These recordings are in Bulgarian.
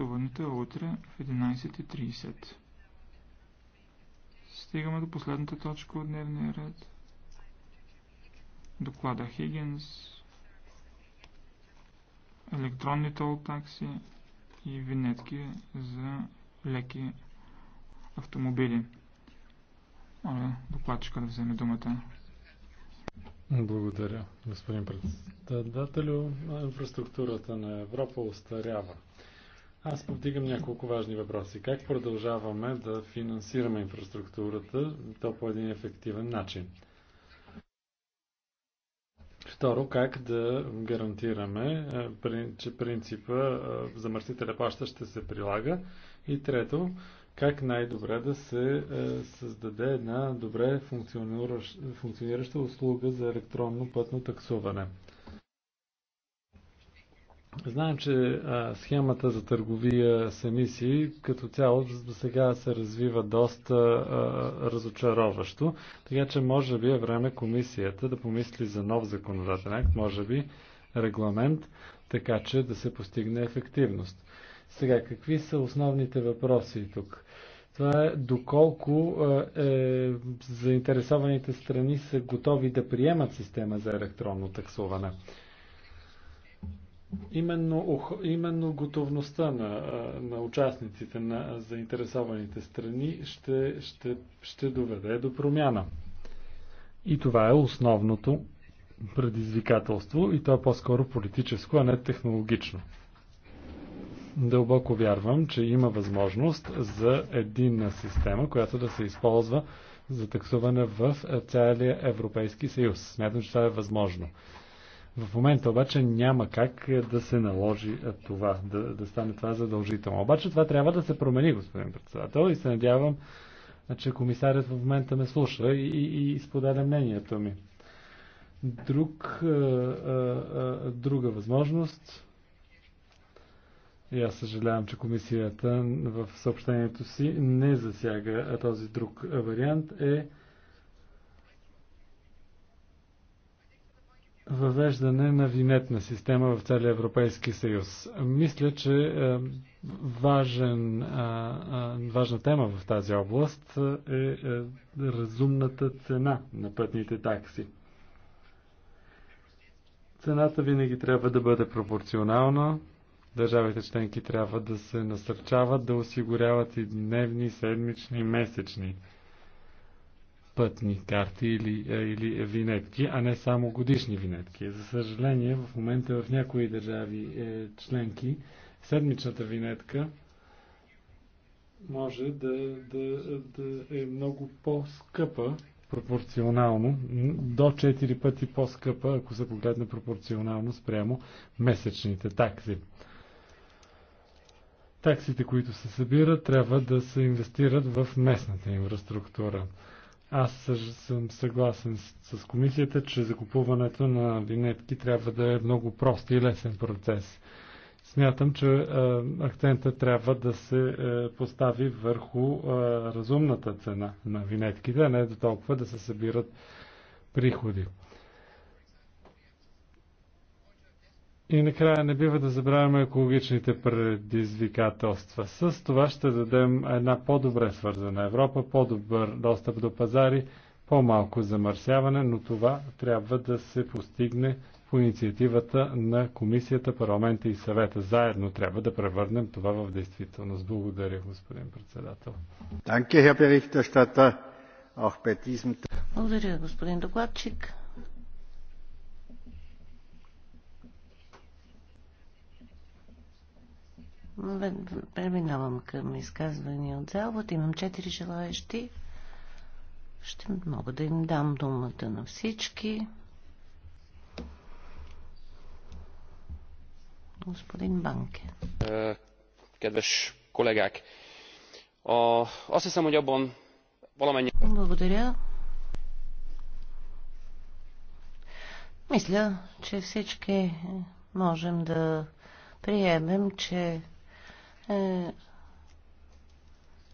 Гласуването е утре в 11.30. Стигаме до последната точка от дневния ред. Доклада Хигинс, електронни тол такси и винетки за леки автомобили. Моля докладчика да вземе думата. Благодаря, господин председателю. Инфраструктурата на Европа устарява. Аз повдигам няколко важни въпроси. Как продължаваме да финансираме инфраструктурата, то по един ефективен начин? Второ, как да гарантираме, че принципа замърсителя плаща ще се прилага? И трето, как най-добре да се създаде една добре функционираща услуга за електронно пътно таксуване? Знаем, че схемата за търговия с емисии като цяло до сега се развива доста разочароващо, така че може би е време комисията да помисли за нов законодателен акт, може би регламент, така че да се постигне ефективност. Сега, какви са основните въпроси тук? Това е доколко е, заинтересованите страни са готови да приемат система за електронно таксуване именно, именно готовността на, на участниците, на заинтересованите страни ще, ще, ще доведе до промяна. И това е основното предизвикателство и то е по-скоро политическо, а не технологично. Дълбоко вярвам, че има възможност за единна система, която да се използва за таксуване в целия Европейски съюз. Смятам, че това е възможно. В момента обаче няма как е, да се наложи е, това, да, да стане това задължително. Обаче това трябва да се промени, господин председател, и се надявам, е, че комисарят в момента ме слуша и, и, и споделя мнението ми. Друг, а, а, друга възможност. И аз съжалявам, че комисията в съобщението си не засяга този друг вариант е въвеждане на винетна система в целия Европейски съюз. Мисля, че е, важен, е, е, важна тема в тази област е разумната цена на пътните такси. Цената винаги трябва да бъде пропорционална. Държавите членки трябва да се насърчават да осигуряват и дневни, седмични, месечни пътни карти или, е, или винетки, а не само годишни винетки. За съжаление, в момента в някои държави е, членки седмичната винетка може да, да, да е много по-скъпа пропорционално, до 4 пъти по-скъпа, ако се погледне пропорционално спрямо месечните такси. Таксите, които се събират, трябва да се инвестират в местната инфраструктура. Аз съм съгласен с, с комисията, че закупуването на винетки трябва да е много прост и лесен процес. Смятам, че е, акцента трябва да се е, постави върху е, разумната цена на винетките, а не до толкова да се събират приходи. И накрая не бива да забравяме екологичните предизвикателства. С това ще дадем една по-добре свързана Европа, по-добър достъп до пазари, по-малко замърсяване, но това трябва да се постигне по инициативата на Комисията, парламента и съвета. Заедно трябва да превърнем това в действителност. Благодаря, господин председател. Благодаря, господин докладчик. Преминавам към изказвания от залбата. Имам четири желаящи. Ще мога да им дам думата на всички. Господин Банке. Кедвеш колегак. Аз се само обон Благодаря. Мисля, че всички можем да приемем, че е,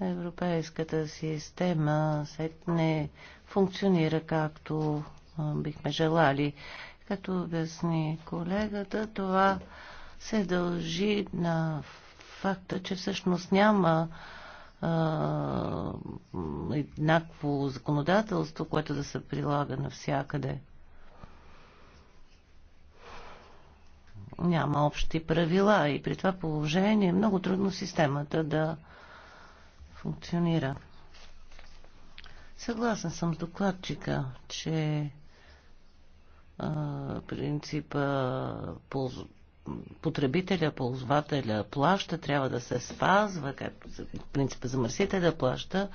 европейската система след не функционира както е, бихме желали. Като обясни колегата, това се дължи на факта, че всъщност няма е, еднакво законодателство, което да се прилага навсякъде. няма общи правила и при това положение е много трудно системата да функционира. Съгласен съм с докладчика, че а, принципа полз... потребителя, ползвателя плаща, трябва да се спазва, както принципа замърсителя плаща,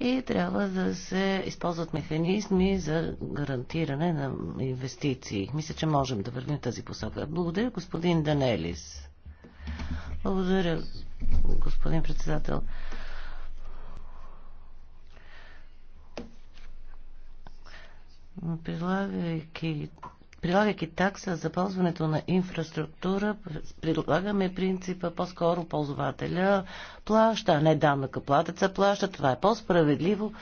и трябва да се използват механизми за гарантиране на инвестиции. Мисля, че можем да вървим тази посока. Благодаря, господин Данелис. Благодаря, господин председател. Прилагайки прилагайки такса за ползването на инфраструктура, прилагаме принципа по-скоро ползвателя плаща, а не данъка платеца плаща. Това е по-справедливо,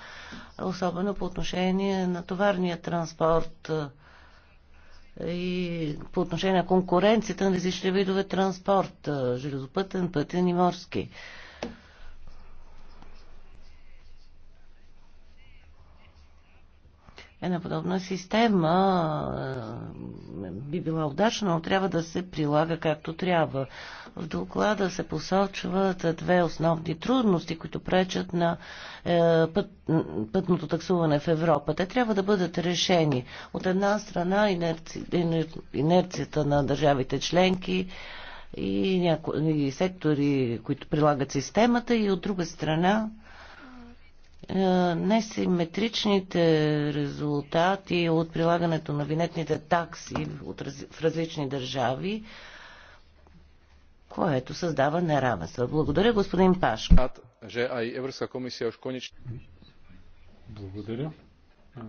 особено по отношение на товарния транспорт и по отношение на конкуренцията на различни видове транспорт, железопътен, пътен и морски. Една подобна система е, би била удачна, но трябва да се прилага както трябва. В доклада се посочват две основни трудности, които пречат на е, път, пътното таксуване в Европа. Те трябва да бъдат решени. От една страна инерци, инерцията на държавите членки, и, няко... и сектори, които прилагат системата, и от друга страна е, несиметричните резултати от прилагането на винетните такси в различни държави, което създава неравенство. Благодаря, господин Пашко. Благодаря. Е,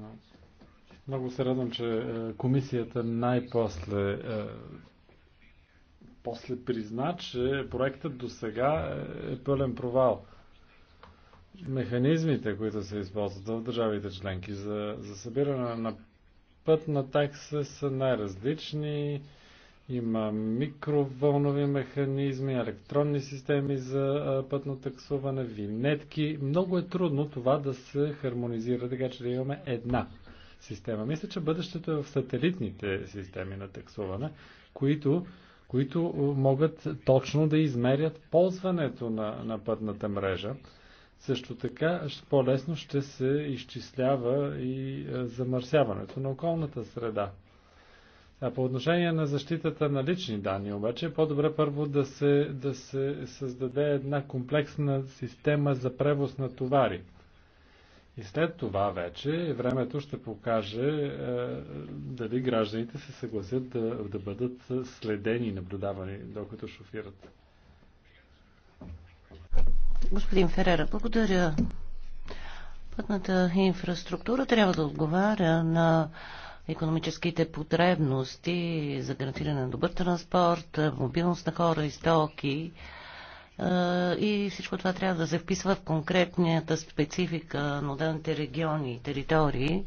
много се радвам, че е, комисията най-после после призна, че проектът до сега е пълен провал механизмите, които се използват в държавите членки за, за събиране на пътна такса са най-различни. Има микровълнови механизми, електронни системи за пътно таксуване, винетки. Много е трудно това да се хармонизира, така че да имаме една система. Мисля, че бъдещето е в сателитните системи на таксуване, които, които могат точно да измерят ползването на, на пътната мрежа също така по-лесно ще се изчислява и е, замърсяването на околната среда. А по отношение на защитата на лични данни, обаче, е по-добре първо да се, да се създаде една комплексна система за превоз на товари. И след това вече времето ще покаже е, дали гражданите се съгласят да, да бъдат следени и наблюдавани, докато шофират. Господин Ферера, благодаря. Пътната инфраструктура трябва да отговаря на економическите потребности за гарантиране на добър транспорт, мобилност на хора и стоки. И всичко това трябва да се вписва в конкретната специфика на отделните региони и територии,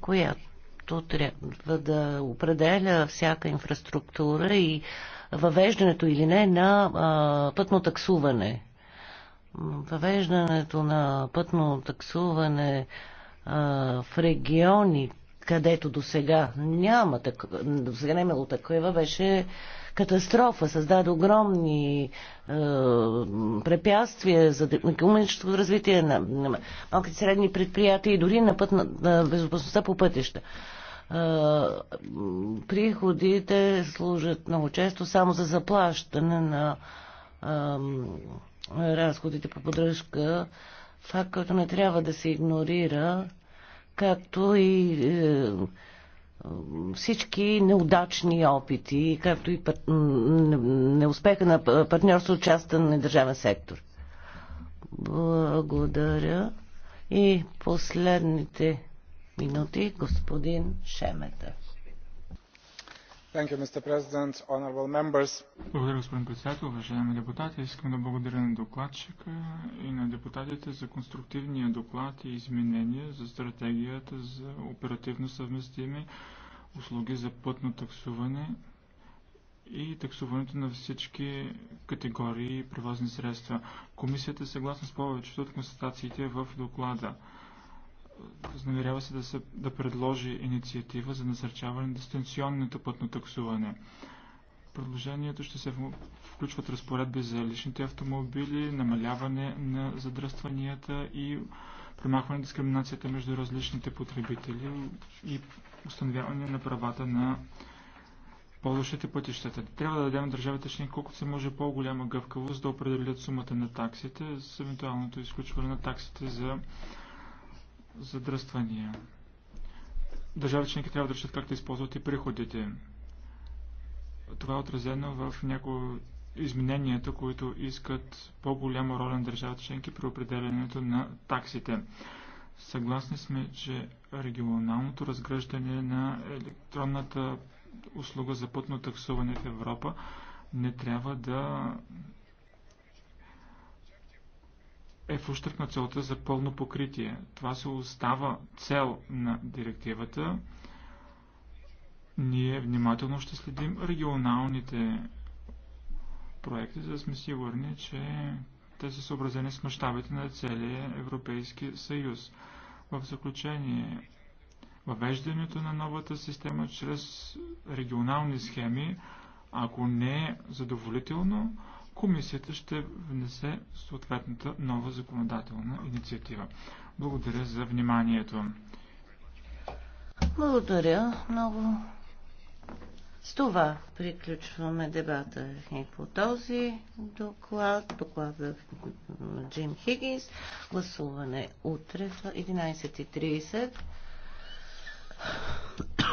която трябва да определя всяка инфраструктура и въвеждането или не на пътно таксуване въвеждането на пътно таксуване а, в региони, където до сега няма такова, до сега не е имало такова, беше катастрофа, създаде огромни е, препятствия за економическото развитие на, на малките средни предприятия и дори на, път, на, на безопасността по пътища. Е, приходите служат много често само за заплащане на е, разходите по поддръжка, факт, който не трябва да се игнорира, както и е, всички неудачни опити, както и пар... неуспеха на партньорство част на държавен сектор. Благодаря. И последните минути господин Шеметър. Благодаря, господин председател. Уважаеми депутати, искам да благодаря на докладчика и на депутатите за конструктивния доклад и изменения за стратегията за оперативно съвместими услуги за пътно таксуване и таксуването на всички категории превозни средства. Комисията е съгласна с повечето от констатациите в доклада. Възнамерява се да, се да предложи инициатива за насърчаване на дистанционното пътно таксуване. Предложението ще се включват разпоредби за личните автомобили, намаляване на задръстванията и премахване на дискриминацията между различните потребители и установяване на правата на ползващите пътищата. Трябва да дадем държавите ще колкото се може по-голяма гъвкавост да определят сумата на таксите с евентуалното изключване на таксите за задръствания. Държави членки трябва да решат как да използват и приходите. Това е отразено в някои измененията, които искат по-голяма роля на държавите членки при определенето на таксите. Съгласни сме, че регионалното разгръждане на електронната услуга за пътно таксуване в Европа не трябва да е в ущърп на целта за пълно покритие. Това се остава цел на директивата. Ние внимателно ще следим регионалните проекти, за да сме сигурни, че те са съобразени с мащабите на целия Европейски съюз. В заключение, въвеждането на новата система чрез регионални схеми, ако не е задоволително, комисията ще внесе съответната нова законодателна инициатива. Благодаря за вниманието. Благодаря много. С това приключваме дебата и по този доклад, доклада Джим Хигинс, гласуване утре в 11.30.